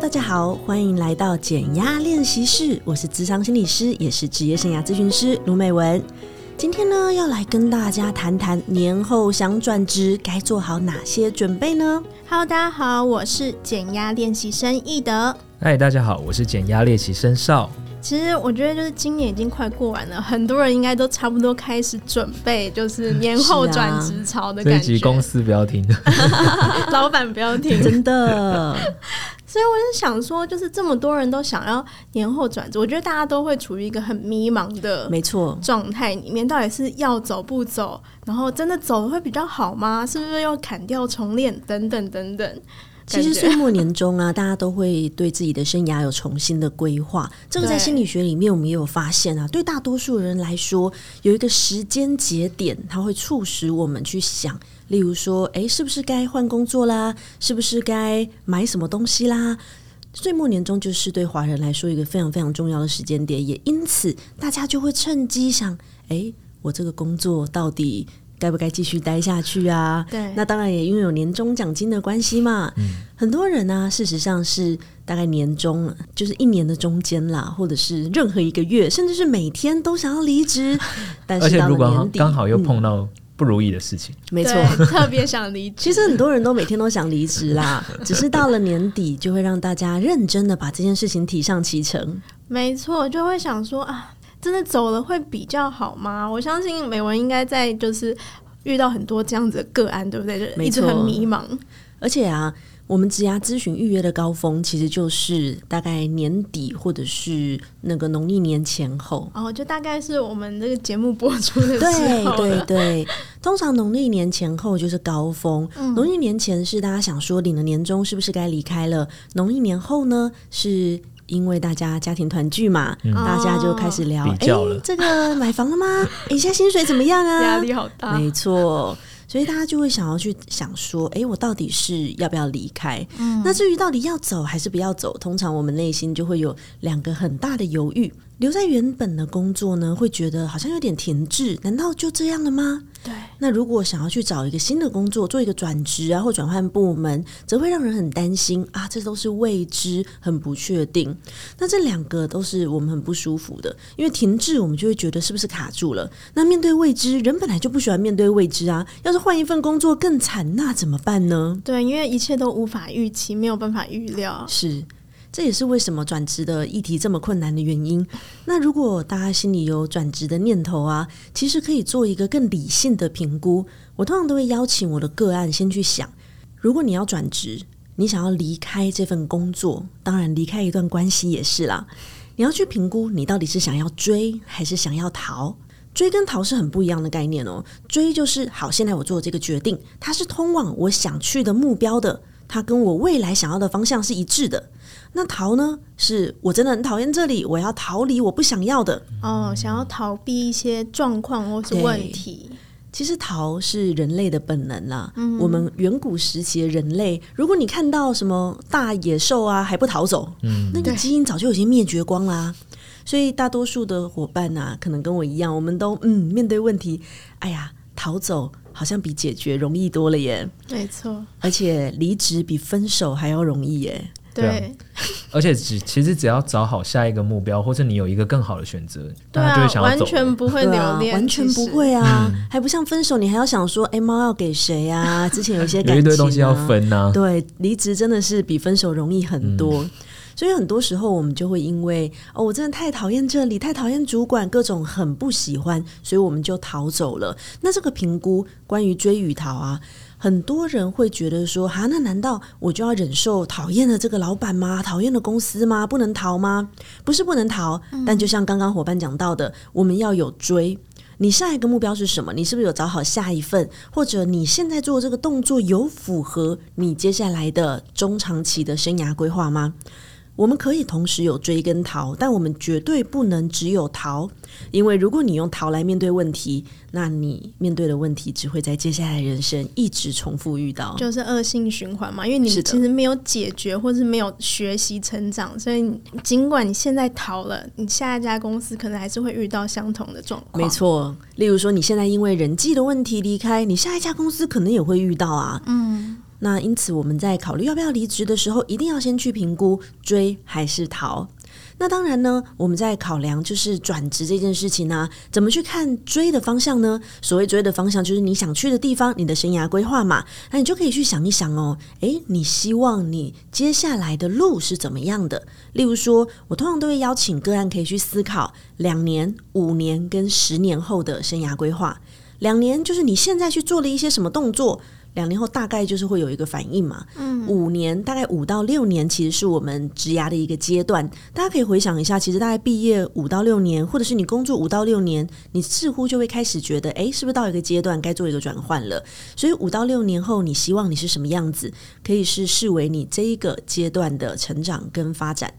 大家好，歡迎來到減壓練習室。我是諮商心理師，也是職業生涯諮詢師盧美妏。今天呢，要來跟大家談談年後想轉職，該做好哪些準備呢？Hello，大家好，我是減壓練習生易德。嗨，大家好，我是減壓練習生少。其實我覺得，就是今年已經快過完了，很多人應該都差不多開始準備，就是年後轉職潮的感覺。啊、公司不要停， 老闆不要停， 真的。所以我是想說，就是這麼多人都想要年後轉職，我覺得大家都會處於一個很迷茫的沒錯狀態裡面。到底是要走不走？然後真的走會比較好嗎？是不是要砍掉重練？等等等等。其實歲末年終啊， 大家都會對自己的生涯有重新的規劃。這個在心理學裡面，我們也有發現啊，對大多數人來說，有一個時間節點，它會促使我們去想。例如說，哎，是不是該換工作啦？是不是該買什麼東西啦？歲末年終就是對華人來說一個非常非常重要的時間點，也因此大家就會趁機想：哎，我這個工作到底該不該繼續待下去啊？對，那當然也因為有年終獎金的關係嘛。嗯，很多人呢，啊，事實上是大概年終就是一年的中間啦，或者是任何一個月，甚至是每天都想要離職。但是年底，如果剛好又碰到。不如意的事情，沒錯，特別想離職。其實很多人都每天都想離職啦， 只是到了年底，就會讓大家認真的把這件事情提上提成。沒錯，就會想說啊，真的走了會比較好嗎？我相信美妏應該在就是遇到很多這樣子的個案，對不對？就一直很迷茫。而且啊。我們職涯諮詢預約的高峰其實就是大概年底，或者是那個農曆年前後。哦，就大概是我們這個節目播出的時候 對。對對對，對 通常農曆年前後就是高峰。嗯、農曆年前是大家想說領了年終是不是該離開了？農曆年後呢，是因為大家家庭團聚嘛，嗯、大家就開始聊。哎，這個買房了嗎？你現在薪水怎麼樣啊？壓力好大。沒錯。所以大家就會想要去想說，哎，我到底是要不要離開？嗯。那至於到底要走還是不要走，通常我們內心就會有兩個很大的猶豫。留在原本的工作呢，會覺得好像有點停滯。難道就這樣了嗎？對。那如果想要去找一個新的工作，做一個轉職啊，或轉換部門，則會讓人很擔心啊。這都是未知，很不確定。那這兩個都是我們很不舒服的，因為停滯，我們就會覺得是不是卡住了。那面對未知，人本來就不喜歡面對未知啊。要是換一份工作更慘，那怎麼辦呢？對，因為一切都無法預期，沒有辦法預料。是。這也是為什麼轉職的議題這麼困難的原因。那如果大家心裡有轉職的念頭啊，其實可以做一個更理性的評估。我通常都會邀請我的個案先去想：如果你要轉職，你想要離開這份工作，當然離開一段關係也是啦。你要去評估你到底是想要追還是想要逃？追跟逃是很不一樣的概念哦。追就是好，現在我做了這個決定，它是通往我想去的目標的，它跟我未來想要的方向是一致的。那逃呢？是我真的很討厭這裡，我要逃離我不想要的哦，想要逃避一些狀況或是問題。其實逃是人類的本能啦。嗯，我們遠古時期的人類，如果你看到什麼大野獸啊，還不逃走，嗯，那個基因早就已經滅絕光啦。所以大多數的夥伴吶，啊，可能跟我一樣，我們都嗯，面對問題，哎呀，逃走好像比解決容易多了耶。沒錯，而且離職比分手還要容易耶。對，而且只其實只要找好下一個目標，或者你有一個更好的選擇、 啊、欸，對啊，大家就會想要走欸，完全不會留、啊、戀，完全不會啊，還不像分手，你還要想說，哎、欸，貓要給誰啊？之前有一些感情、啊， 有一堆東西要分、啊、對，離職真的是比分手容易很多、嗯，所以很多時候我們就會因為哦，我真的太討厭這裡，太討厭主管，各種很不喜歡，所以我們就逃走了。那這個評估關於追與逃啊？很多人會覺得說：“哈、啊，那難道我就要忍受討厭的這個老闆嗎？討厭的公司嗎？不能逃嗎？不是不能逃、嗯，但就像剛剛夥伴講到的，我們要有追。你下一個目標是什麼？你是不是有找好下一份？或者你現在做這個動作有符合你接下來的中長期的生涯規劃嗎？”我們可以同時有追跟逃，但我們絕對不能只有逃，因為如果你用逃來面對問題，那你面對的問題只會在接下來的人生一直重複遇到，就是惡性循環嘛。因為你其實沒有解決，或是沒有學習成長，所以儘管你現在逃了，你下一家公司可能還是會遇到相同的狀況。沒錯，例如說你現在因為人際的問題離開，你下一家公司可能也會遇到啊。嗯。那因此我們在考慮要不要離職的時候，一定要先去評估追還是逃。那當然呢，我們在考量，就是轉職這件事情呢、啊，怎麼去看追的方向呢？所謂追的方向，就是你想去的地方，你的生涯規劃嘛。那你就可以去想一想哦，誒，你希望你接下來的路是怎麼樣的？例如說，我通常都會邀請個案可以去思考兩年、五年跟十年後的生涯規劃。兩年就是你現在去做了一些什麼動作。兩年後大概就是會有一個反應嘛，嗯，五年大概五到六年其實是我們職涯的一個階段。大家可以回想一下，其實大概畢業五到六年，或者是你工作五到六年，你似乎就會開始覺得，誒，是不是到一個階段該做一個轉換了？所以五到六年後，你希望你是什麼樣子，可以是視為你這一個階段的成長跟發展。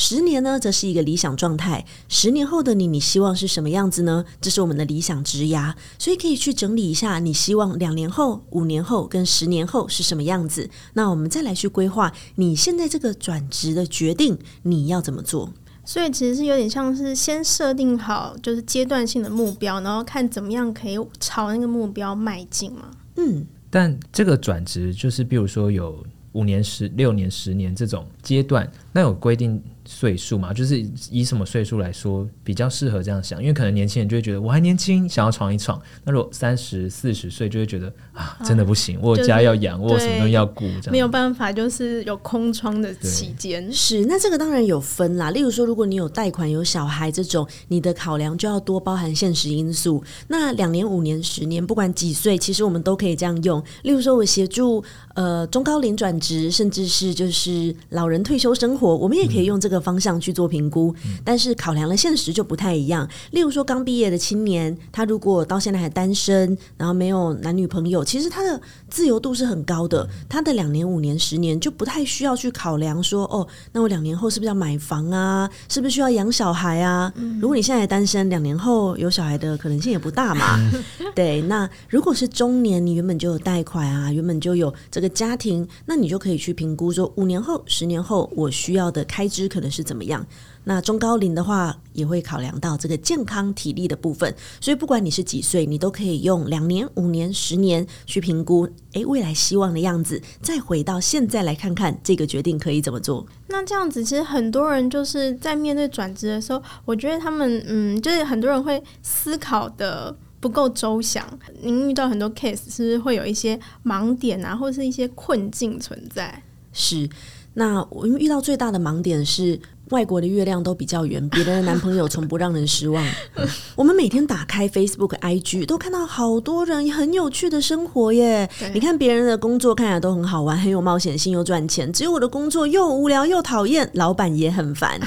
十年呢，則是一個理想狀態。十年後的你，你希望是什麼樣子呢？這是我們的理想職涯，所以可以去整理一下，你希望兩年後、五年後跟十年後是什麼樣子。那我們再來去規劃你現在這個轉職的決定，你要怎麼做？所以其實是有點像是先設定好，就是階段性的目標，然後看怎麼樣可以朝那個目標邁進嘛。嗯，但這個轉職就是，比如說有五年、十、六年、十年這種階段，那有規定。歲數嘛，就是以什麼歲數來說比較適合這樣想，因為可能年輕人就會覺得我還年輕，想要闖一闖。那如果三十、四十歲，就會覺得啊，啊，真的不行，我有家要養，我什麼都要顧，沒有辦法，就是有空窗的期間是。那這個當然有分啦，例如說，如果你有貸款、有小孩這種，你的考量就要多包含現實因素。那兩年、五年、十年，不管幾歲，其實我們都可以這樣用。例如說，我協助呃中高齡轉職，甚至是就是老人退休生活，我們也可以用這個。嗯。方向去做評估，嗯，但是考量了現實就不太一樣。例如說，剛畢業的青年，他如果到現在還單身，然後沒有男女朋友，其實他的自由度是很高的。他的兩年、五年、十年就不太需要去考量說，哦，那我兩年後是不是要買房啊？是不是需要養小孩啊，嗯？如果你現在還單身，兩年後有小孩的可能性也不大嘛，嗯。對，那如果是中年，你原本就有貸款啊，原本就有這個家庭，那你就可以去評估說，五年後、十年後我需要的開支可能。是怎麼樣？那中高齡的話，也會考量到這個健康體力的部分。所以不管你是幾歲，你都可以用兩年、五年、十年去評估。哎，未來希望的樣子，再回到現在來看看這個決定可以怎麼做。那這樣子，其實很多人就是在面對轉職的時候，我覺得他們嗯，就是很多人會思考得不夠周詳。你遇到很多 case，是不是會有一些盲點啊，或是一些困境存在？是。那我們遇到最大的盲點是，外國的月亮都比較圓。別人的男朋友從不讓人失望。 我們每天打開 Facebook、IG，都看到好多人很有趣的生活耶。你看別人的工作看起來都很好玩，很有冒險性，又賺錢。只有我的工作又無聊又討厭，老板也很煩。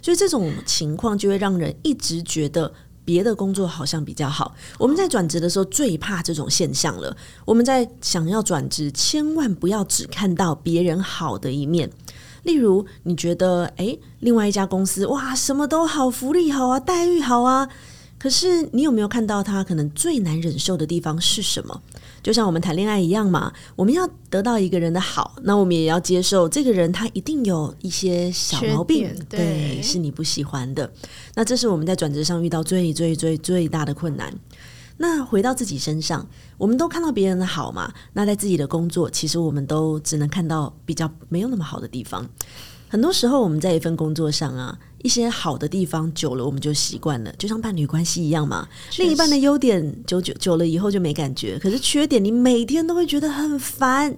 所以這種情況就會讓人一直覺得。別的工作好像比較好。我們在轉職的時候最怕這種現象了。我們在想要轉職，千萬不要只看到別人好的一面。例如，你覺得，哎，另外一家公司，哇，什麼都好，福利好啊，待遇好啊。可是，你有沒有看到他可能最難忍受的地方是什麼？就像我們談戀愛一樣嘛，我們要得到一個人的好，那我們也要接受這個人他一定有一些小毛病，對，對，是你不喜歡的。那這是我們在轉職上遇到最最最最大的困難。那回到自己身上，我們都看到別人的好嘛，那在自己的工作，其實我們都只能看到比較沒有那麼好的地方。很多時候我們在一份工作上啊，一些好的地方久了我們就習慣了，就像伴侶關係一樣嘛。另一半的優點久久久了以後就沒感覺，可是缺點你每天都會覺得很煩。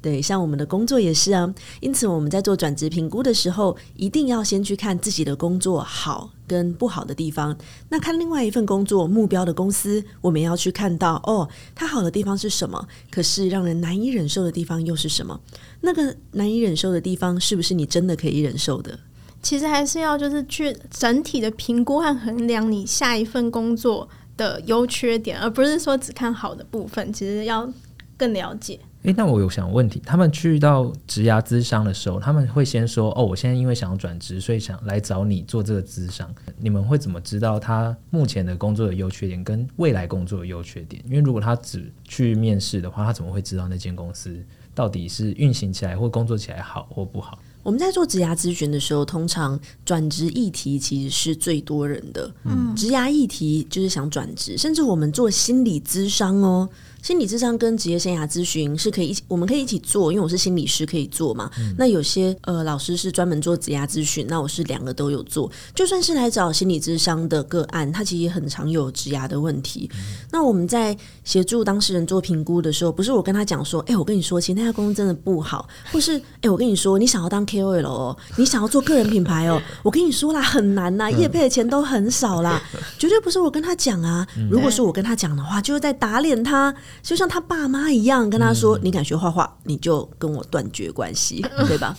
對，像我們的工作也是啊。因此我們在做轉職評估的時候，一定要先去看自己的工作好跟不好的地方。那看另外一份工作，目標的公司，我們要去看到，哦，它好的地方是什麼，可是讓人難以忍受的地方又是什麼。那個難以忍受的地方，是不是你真的可以忍受的？其實還是要就是去整體的評估和衡量你下一份工作的優缺點，而不是說只看好的部分，其實要更了解。誒、欸，那我想有想問題，他們去到職涯諮商的時候，他們會先說：“哦，我現在因為想要轉職，所以想來找你做這個諮商。”你們會怎麼知道他目前的工作的優缺點，跟未來工作的優缺點？因為如果他只去面試的話，他怎麼會知道那間公司？到底是運行起來或工作起來好或不好？我們在做職涯諮詢的時候，通常轉職議題其實是最多人的。嗯，職涯議題就是想轉職，甚至我們做心理諮商哦。心理智商跟職業生涯諮詢是可以一起，我們可以一起做，因為我是心理師可以做嘛。嗯、那有些呃老師是專門做職涯諮詢，那我是兩個都有做。就算是來找心理智商的個案，他其實也很常有職涯的問題、嗯。那我們在協助當事人做評估的時候，不是我跟他講說，哎、欸，我跟你說，其實那家公司真的不好，或是哎、欸，我跟你說，你想要當 KOL 哦， 你想要做個人品牌哦，我跟你說啦，很難吶，業配的錢都很少啦，絕對不是我跟他講啊、嗯。如果說我跟他講的話，就是在打臉他。就像他爸媽一樣，跟他說：“嗯、你敢學畫畫，你就跟我斷絕關係、嗯，對吧？”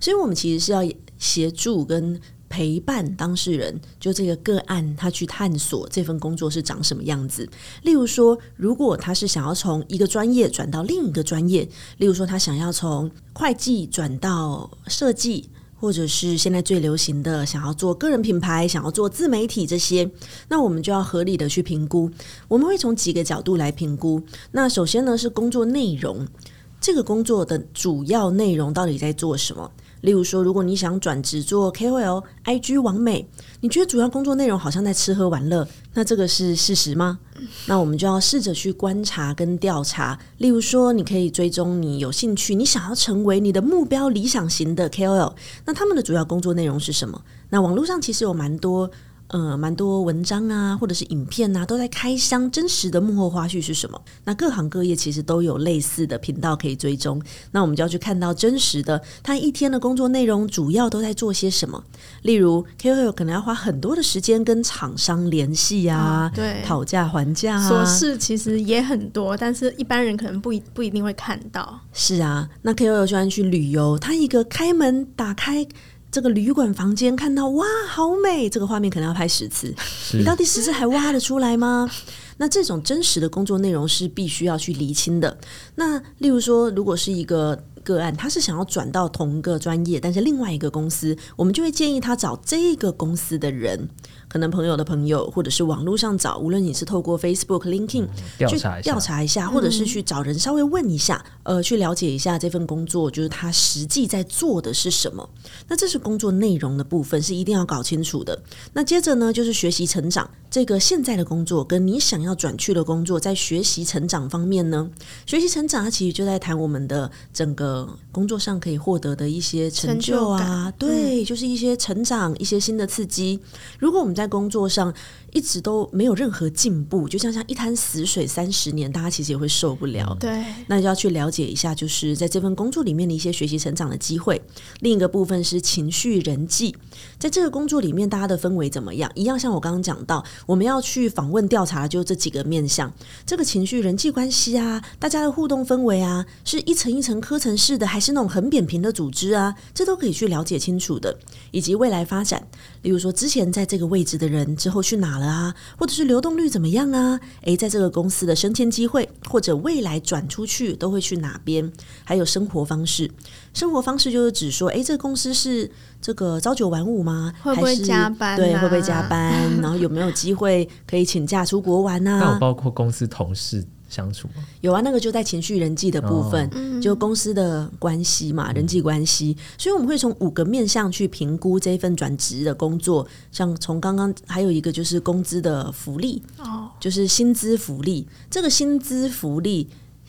所以，我們其實是要協助跟陪伴當事人，就這個個案，他去探索這份工作是長什麼樣子。例如說，如果他是想要從一個專業轉到另一個專業，例如說，他想要從會計轉到設計。或者是現在最流行的，想要做個人品牌，想要做自媒體這些，那我們就要合理的去評估。我們會從幾個角度來評估。那首先呢是工作內容，這個工作的主要內容到底在做什麼？例如說，如果你想轉職做 KOL、IG 網美，你覺得主要工作內容好像在吃喝玩樂？那這個是事實嗎？那我們就要試着去觀察跟調查。例如說，你可以追蹤你有興趣、你想要成為你的目標理想型的 KOL，那他們的主要工作內容是什麼？那網絡上其實有蠻多。呃、嗯，蠻多文章啊，或者是影片啊，都在開箱真實的幕後花絮是什麼？那各行各業其實都有類似的頻道可以追蹤。那我們就要去看到真實的他一天的工作內容，主要都在做些什麼？例如 KOL 可能要花很多的時間跟廠商聯繫啊，嗯、對，討價還價啊，瑣事其實也很多，但是一般人可能不不一定會看到。是啊，那 KOL 喜歡去旅遊，他一個開門打開。這個旅館房間看到哇，好美！這個畫面可能要拍十次，你到底十次還挖得出來嗎？ 那這種真實的工作內容是必須要去釐清的。那例如說，如果是一個。個案，他是想要轉到同一個專業，但是另外一個公司，我們就會建議他找這個公司的人，可能朋友的朋友，或者是網絡上找，無論你是透過 Facebook、LinkedIn，嗯，去調查一下，調查一下，嗯，或者是去找人稍微問一下，呃，去了解一下這份工作，就是他實際在做的是什麼。那這是工作內容的部分，是一定要搞清楚的。那接着呢，就是學習成長。這個現在的工作跟你想要轉去的工作，在學習成長方面呢，學習成長它其實就在談我們的整個。工作上可以獲得的一些成就啊、成就感，對，對，就是一些成長，一些新的刺激。如果我們在工作上，一直都沒有任何進步，就像像一潭死水三十年，大家其實也會受不了。對，那就要去了解一下，就是在這份工作裡面的一些學習成長的機會。另一個部分是情緒人際，在這個工作裡面，大家的氛圍怎麼樣？一樣像我剛剛講到，我們要去訪問調查，就這幾個面向：這個情緒人際關係啊，大家的互動氛圍啊，是一層一層科層式的，還是那種很扁平的組織啊？這都可以去了解清楚的。以及未來發展，例如說之前在這個位置的人，之後去哪。啊，或者是流動率怎麼樣啊？誒，在這個公司的升遷機會，或者未來轉出去都會去哪邊？還有生活方式，生活方式就是指說，誒，這個公司是這個朝九晚五嗎？會不會加班啊？還是，對，會不會加班？ 然後有沒有機會可以請假出國玩啊？那我包括公司同事。相處有啊，那個就在情緒人際的部分，哦，就公司的關係嘛，嗯，人際關係。所以我們會從五個面向去評估這份轉職的工作，像從剛剛還有一個就是工資的福利哦，就是薪資福利。這個薪資福利。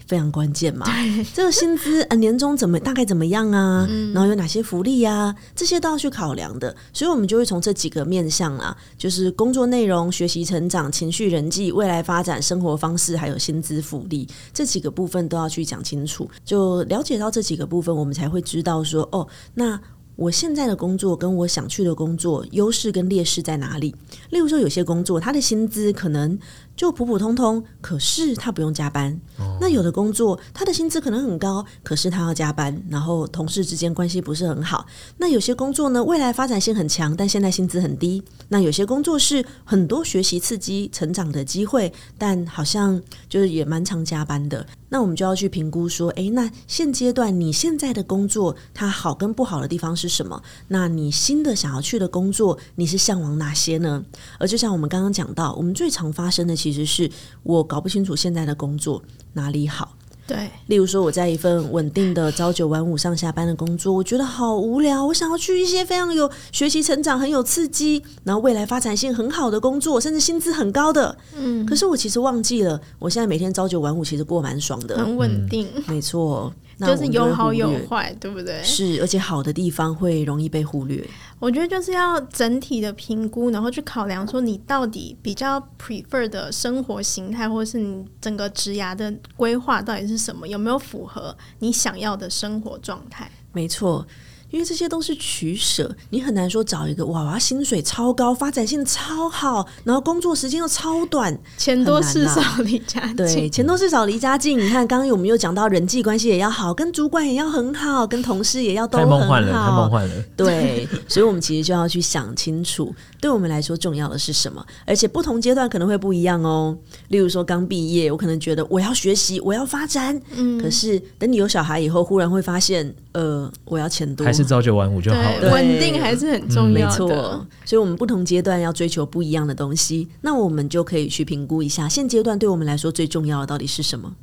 非常關鍵嘛，對，這個薪資啊， 年終怎麼大概怎麼樣啊？然後有哪些福利啊？這些都要去考量的。所以，我們就會從這幾個面向啊，就是工作內容、學習成長、情緒人際、未來發展、生活方式，還有薪資福利這幾個部分，都要去講清楚。就了解到這幾個部分，我們才會知道說，哦，那我現在的工作跟我想去的工作，優勢跟劣勢在哪裡？例如說，有些工作他的薪資可能。就普普通通，可是他不用加班。那有的工作，他的薪資可能很高，可是他要加班，然後同事之間關係不是很好。那有些工作呢，未來發展性很強，但現在薪資很低。那有些工作是很多學習、刺激、成長的機會，但好像就是也蠻常加班的。那我們就要去評估說，欸，那現階段你現在的工作，它好跟不好的地方是什麼？那你新的想要去的工作，你是嚮往哪些呢？而就像我們剛剛講到，我們最常發生的其實。其實是我搞不清楚現在的工作哪裡好。對，例如說我在一份穩定的朝九晚五上下班的工作，我覺得好無聊。我想要去一些非常有學習成長、很有刺激，然後未來發展性很好的工作，甚至薪資很高的。嗯，可是我其實忘記了，我現在每天朝九晚五其實過蠻爽的，很穩定。嗯，沒錯。就是有好有壞，對不對？是，而且好的地方會容易被忽略。我覺得就是要整體的評估，然後去考量說你到底比較 prefer 的生活形態，或是你整個職涯的規劃到底是什麼，有沒有符合你想要的生活狀態？沒錯。因為這些都是取舍，你很難說找一個娃娃薪水超高，發展性超好，然後工作時間又超短，錢多事少離家近、啊。對，錢多事少離家近。你看，剛剛我們又講到人際關係也要好，跟主管也要很好，跟同事也要都很好。太夢幻了，太夢幻了。對，所以我們其實就要去想清楚，對我們來說重要的是什麼， 而且不同階段可能會不一樣哦。例如說，剛畢業，我可能覺得我要學習，我要發展。嗯，可是等你有小孩以後，忽然會發現，呃，我要錢多。是朝九晚五就好了，穩定還是很重要的。嗯、沒錯，所以，我們不同階段要追求不一樣的東西。嗯、那我們就可以去評估一下，現階段對我們來說最重要的到底是什麼？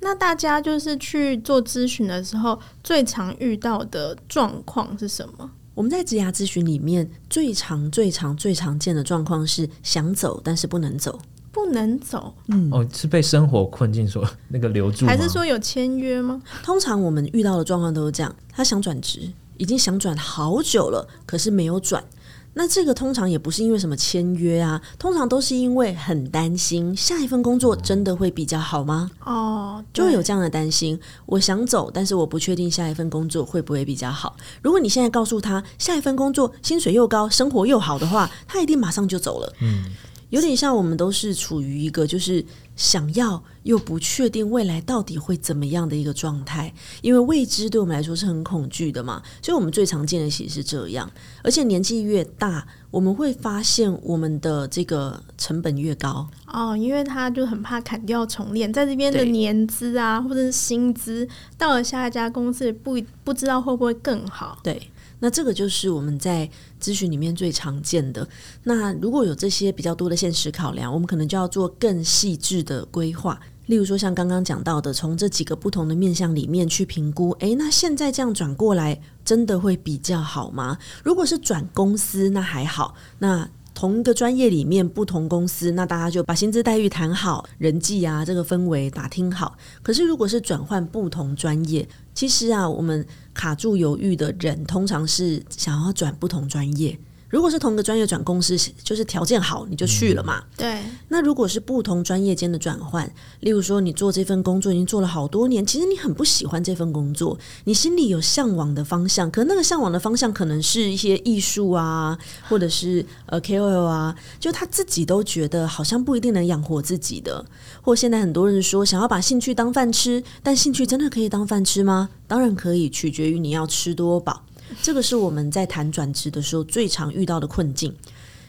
那大家就是去做諮詢的時候，最常遇到的狀況是什麼？我們在職涯諮詢裡面最常、最常、最常見的狀況是想走，但是不能走，不能走。嗯，哦，是被生活困境所那個留住，還是說有簽約嗎？通常我們遇到的狀況都是這樣，他想轉職。已經想轉好久了，可是沒有轉。那這個通常也不是因為什麼簽約啊，通常都是因為很擔心，下一份工作真的會比較好嗎？哦，對。就會有這樣的擔心。我想走，但是我不確定下一份工作會不會比較好。如果你現在告訴他下一份工作薪水又高，生活又好的話，他一定馬上就走了。嗯。有點像我們都是處於一個就是想要又不確定未來到底會怎麼樣的一個狀態，因為未知對我們來說是很恐懼的嘛，所以我們最常見的其實是這樣。而且年紀越大，我們會發現我們的這個成本越高。哦，因為他就很怕砍掉重練，在這邊的年資啊，或者是薪資，到了下一家公司不不知道會不會更好？對。那這個就是我們在諮詢裡面最常見的。那如果有這些比較多的現實考量，我們可能就要做更細緻的規劃。例如說，像剛剛講到的，從這幾個不同的面向裡面去評估。欸，那現在這樣轉過來，真的會比較好嗎？如果是轉公司，那還好。那同一個專業裡面不同公司，那大家就把薪資待遇談好，人際啊，這個氛圍打聽好。可是，如果是轉換不同專業，其實啊，我們。卡住猶豫的人，通常是想要轉不同專業。如果是同一個專業轉公司，就是條件好，你就去了嘛。嗯，對。那如果是不同專業間的轉換，例如說你做這份工作已經做了好多年，其實你很不喜歡這份工作，你心裡有向往的方向，可那個向往的方向可能是一些藝術啊，或者是呃 KOL 啊，就他自己都覺得好像不一定能養活自己的。或現在很多人說想要把興趣當飯吃，但興趣真的可以當飯吃嗎？當然可以，取決於你要吃多飽。這個是我們在談轉職的時候最常遇到的困境，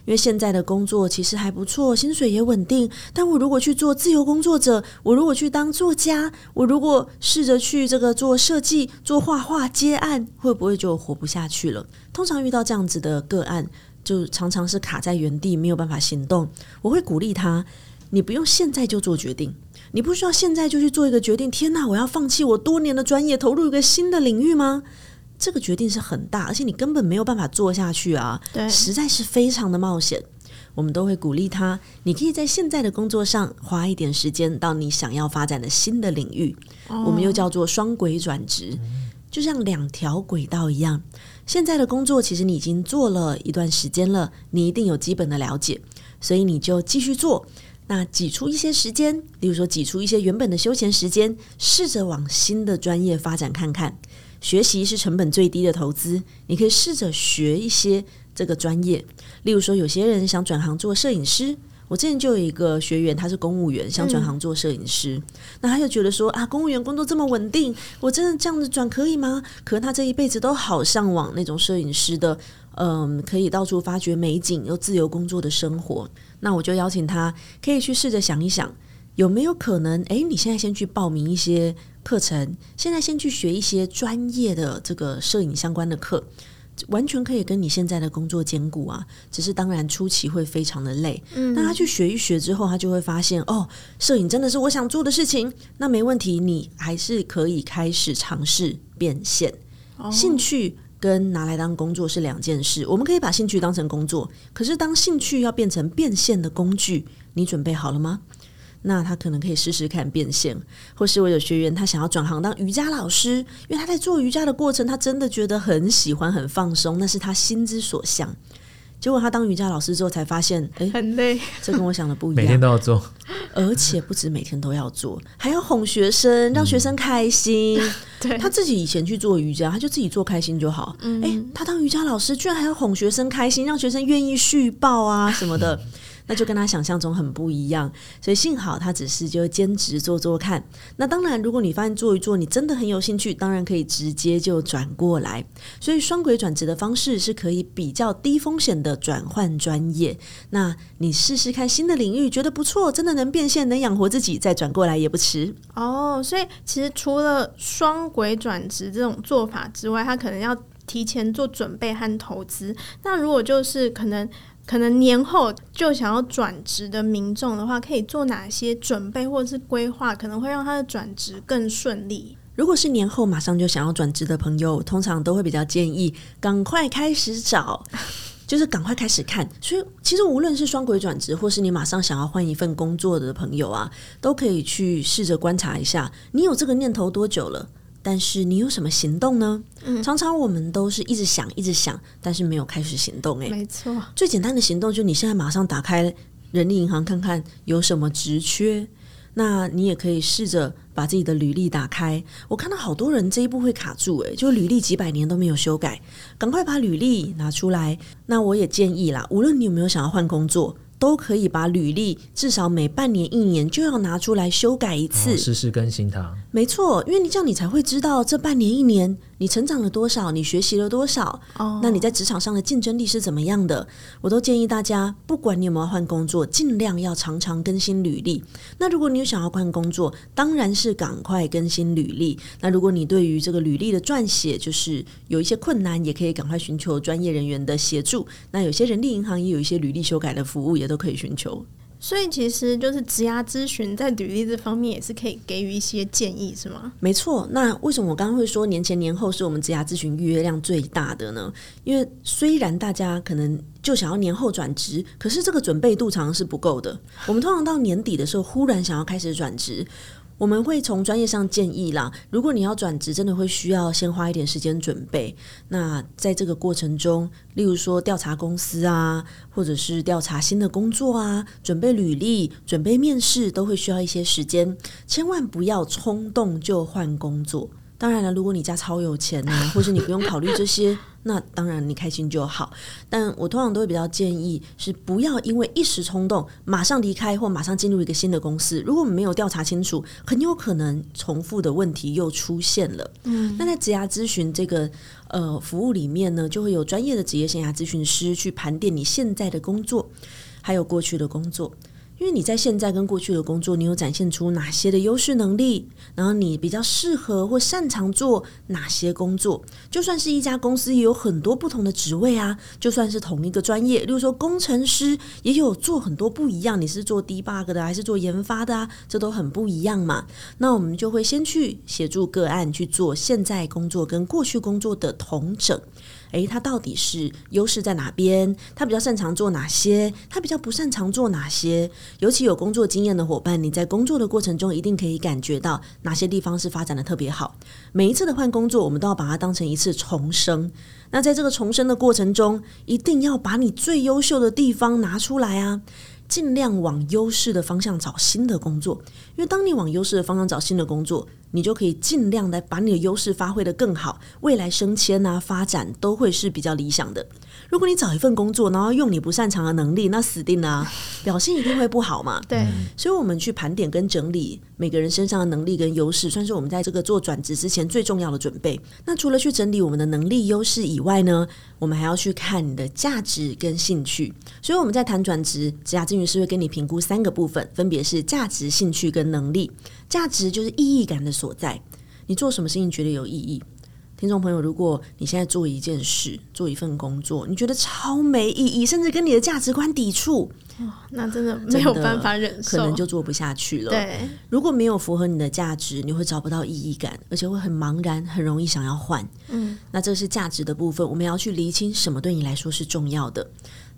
因為現在的工作其實還不錯，薪水也穩定。但我如果去做自由工作者，我如果去當作家，我如果試着去這個做設計、做畫畫接案，會不會就活不下去了？通常遇到這樣子的個案，就常常是卡在原地，沒有辦法行動。我會鼓勵他：你不用現在就做決定，你不需要現在就去做一個決定。天吶，我要放棄我多年的專業，投入一個新的領域嗎？這個決定是很大，而且你根本沒有辦法做下去啊！對，實在是非常的冒險。我們都會鼓勵他，你可以在現在的工作上花一點時間到你想要發展的新的領域。哦，我們又叫做雙軌轉職，嗯，就像兩條軌道一樣。現在的工作其實你已經做了一段時間了，你一定有基本的了解，所以你就繼續做。那擠出一些時間，例如說擠出一些原本的休閒時間，試着往新的專業發展看看。學習是成本最低的投資，你可以試着學一些這個專業。例如說，有些人想轉行做攝影師，我之前就有一個學員，他是公務員，想轉行做攝影師。嗯，那他就覺得說啊，公務員工作這麼穩定，我真的這樣子轉可以嗎？可能他這一輩子都好向往那種攝影師的。嗯，可以到處發掘美景又自由工作的生活，那我就邀請他可以去試着想一想，有沒有可能？哎、欸，你現在先去報名一些課程，現在先去學一些專業的這個攝影相關的課，完全可以跟你現在的工作兼顧啊。只是當然初期會非常的累，嗯、但他去學一學之後，他就會發現哦，攝影真的是我想做的事情，那沒問題，你還是可以開始嘗試變現興趣。跟拿來當工作是兩件事。我們可以把興趣當成工作，可是當興趣要變成變現的工具，你準備好了嗎？那他可能可以試試看變現，或是我有學員他想要轉行當瑜伽老師，因為他在做瑜伽的過程，他真的覺得很喜歡、很放鬆，那是他心之所向。結果他當瑜伽老師之後，才發現，誒、欸，很累，這跟我想的不一樣。每天都要做，而且不止每天都要做，還要哄學生，讓學生開心、嗯。他自己以前去做瑜伽，他就自己做開心就好。誒、嗯欸，他當瑜伽老師，居然還要哄學生開心，讓學生願意續報啊什麼的。嗯那就跟他想象中很不一樣，所以幸好他只是就兼職做做看。那當然，如果你發現做一做，你真的很有興趣，當然可以直接就轉過來。所以雙軌轉職的方式是可以比較低風險的轉換專業。那你試試看新的領域，覺得不錯，真的能變現，能養活自己，再轉過來也不遲。哦，所以其實除了雙軌轉職這種做法之外，他可能要提前做準備和投資。那如果就是可能，可能年後就想要轉職的民眾的話，可以做哪些準備或者是規劃，可能會讓他的轉職更順利？如果是年後馬上就想要轉職的朋友，通常都會比較建議趕快開始找， 就是趕快開始看。所以，其實無論是雙軌轉職，或是你馬上想要換一份工作的朋友啊，都可以去試着觀察一下，你有這個念頭多久了，但是你有什麼行動呢？嗯、常常我們都是一直想，一直想，但是沒有開始行動、欸。哎，沒錯。最簡單的行動就是你現在馬上打開人力銀行看看有什麼職缺？那你也可以試着把自己的履歷打開。我看到好多人這一步會卡住、欸，哎，就履歷幾百年都沒有修改，趕快把履歷拿出來。那我也建議啦，無論你有沒有想要換工作，都可以把履歷至少每半年、一年就要拿出來修改一次，實、哦、時更新它。沒錯，因為你這樣你才會知道這半年、一年，你成長了多少？你學習了多少？哦、oh.，那你在職場上的競爭力是怎麼樣的？我都建議大家，不管你有沒有換工作，盡量要常常更新履歷。那如果你有想要換工作，當然是趕快更新履歷。那如果你對於這個履歷的撰寫就是有一些困難，也可以趕快尋求專業人員的協助。那有些人力銀行也有一些履歷修改的服務，也都可以尋求。所以其實就是職涯諮詢在履歷這方面也是可以給予一些建議，是嗎？沒錯。那為什麼我剛剛會說年前年後是我們職涯諮詢預約量最大的呢？因為雖然大家可能就想要年後轉職，可是這個準備度常常是不夠的。我們通常到年底的時候，忽然想要開始轉職。我們會從專業上建議啦，如果你要轉職，真的會需要先花一點時間準備。那在這個過程中，例如說調查公司啊，或者是調查新的工作啊，準備履歷、準備面試，都會需要一些時間。千萬不要衝動就換工作。當然了，如果你家超有錢呢、啊，或是你不用考慮這些， 那當然你開心就好。但我通常都會比較建議是，不要因為一時衝動馬上離開或馬上進入一個新的公司。如果我們沒有調查清楚，很有可能重複的問題又出現了。嗯，那在職涯諮詢這個呃服務裡面呢，就會有專業的職業生涯諮詢師去盤點你現在的工作，還有過去的工作。因為你在現在跟過去的工作，你有展現出哪些的優勢能力？然後你比較適合或擅長做哪些工作？就算是一家公司，也有很多不同的職位啊。就算是同一個專業，例如說工程師，也有做很多不一樣。你是做 debug 的，還是做研發的啊？這都很不一樣嘛。那我們就會先去協助個案去做現在工作跟過去工作的統整。誒，他到底是優勢在哪邊？他比較擅長做哪些？他比較不擅長做哪些？尤其有工作經驗的夥伴，你在工作的過程中一定可以感覺到哪些地方是發展得特別好。每一次的換工作，我們都要把它當成一次重生。那在這個重生的過程中，一定要把你最優秀的地方拿出來啊！盡量往優勢的方向找新的工作，因為當你往優勢的方向找新的工作，你就可以盡量來把你的優勢發揮得更好，未來升遷啊、發展都會是比較理想的。如果你找一份工作，然後用你不擅長的能力，那死定了啊，表現一定會不好嘛。對，所以，我們去盤點跟整理每個人身上的能力跟優勢，算是我們在這個做轉職之前最重要的準備。那除了去整理我們的能力優勢以外呢，我們還要去看你的價值跟興趣。所以，我們在談轉職，職涯諮詢師會跟你評估三個部分，分別是價值、興趣跟能力。價值就是意義感的所在，你做什麼事情覺得有意義？聽眾朋友，如果你現在做一件事、做一份工作，你覺得超沒意義，甚至跟你的價值觀抵觸，哦，那真的沒有辦法忍受，可能就做不下去了。對，如果沒有符合你的價值，你會找不到意義感，而且會很茫然，很容易想要換。嗯，那這是價值的部分，我們要去釐清什麼對你來說是重要的。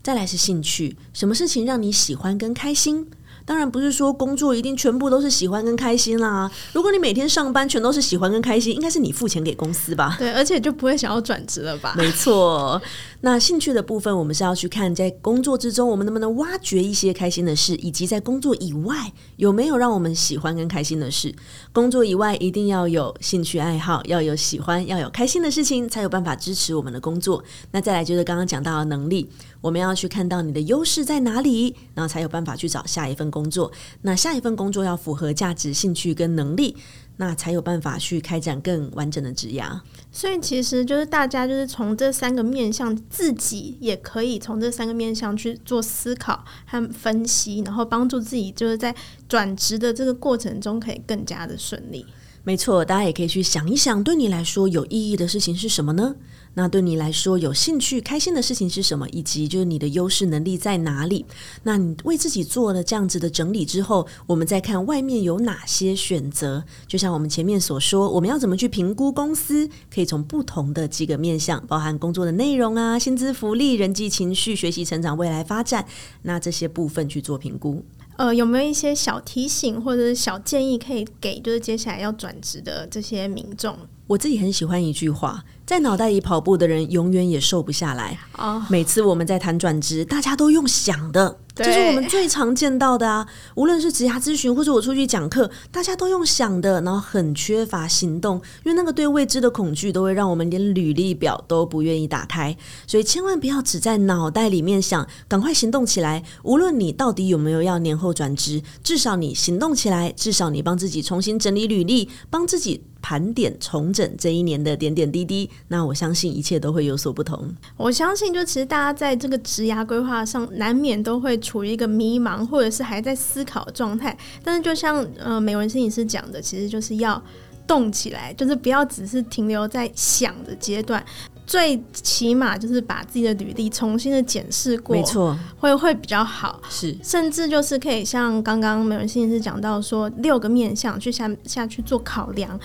再來是興趣，什麼事情讓你喜歡跟開心？當然不是說工作一定全部都是喜歡跟開心啦。如果你每天上班全都是喜歡跟開心，應該是你付錢給公司吧？對，而且就不會想要轉職了吧？沒錯。 那興趣的部分，我們是要去看在工作之中，我們能不能挖掘一些開心的事，以及在工作以外有沒有讓我們喜歡跟開心的事。工作以外一定要有興趣愛好，要有喜歡，要有開心的事情，才有辦法支持我們的工作。那再來就是剛剛講到的能力。我們要去看到你的優勢在哪裡，然後才有辦法去找下一份工作。那下一份工作要符合價值、興趣跟能力，那才有辦法去開展更完整的職涯。所以，其實就是大家就是從這三個面向，自己也可以從這三個面向去做思考和分析，然後幫助自己就是在轉職的這個過程中可以更加的順利。沒錯，大家也可以去想一想，對你來說有意義的事情是什麼呢？那對你來說，有興趣、開心的事情是什麼？以及就是你的優勢能力在哪裡？那你為自己做了這樣子的整理之後，我們再看外面有哪些選擇。就像我們前面所說，我們要怎麼去評估公司，可以從不同的幾個面向，包含工作的內容啊、薪資福利、人際情緒、學習成長、未來發展，那這些部分去做評估。呃，有沒有一些小提醒或者是小建議可以給，就是接下來要轉職的這些民眾？我自己很喜歡一句話：在腦袋裡跑步的人永遠也瘦不下來。Oh. 每次我們在談轉職，大家都用想的，這、就是我們最常見到的啊。無論是職涯諮詢，或者我出去講課，大家都用想的，然後很缺乏行動。因為那個對未知的恐懼，都會讓我們連履歷表都不願意打開。所以千萬不要只在腦袋裡面想，趕快行動起來。無論你到底有沒有要年後轉職，至少你行動起來，至少你幫自己重新整理履歷，幫自己。盤點、重整這一年的點點滴滴，那我相信一切都會有所不同。我相信，就其實大家在這個職涯規劃上，難免都會處於一個迷茫，或者是還在思考的狀態。但是，就像呃美妏心理師講的，其實就是要動起來，就是不要只是停留在想的階段，最起碼就是把自己的履歷重新的檢視過，沒錯，會會比較好。是，甚至就是可以像剛剛美妏心理師講到說，六個面向去下下去做考量，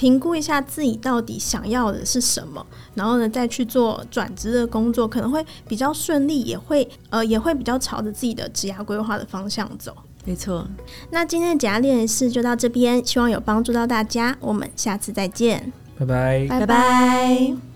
評估一下自己到底想要的是什麼，然後呢，再去做轉職的工作，可能會比較順利，也會呃，也會比較朝着自己的職涯規劃的方向走。沒錯。那今天的減壓練習室就到這邊，希望有幫助到大家，我們下次再見，拜拜，拜拜。Bye bye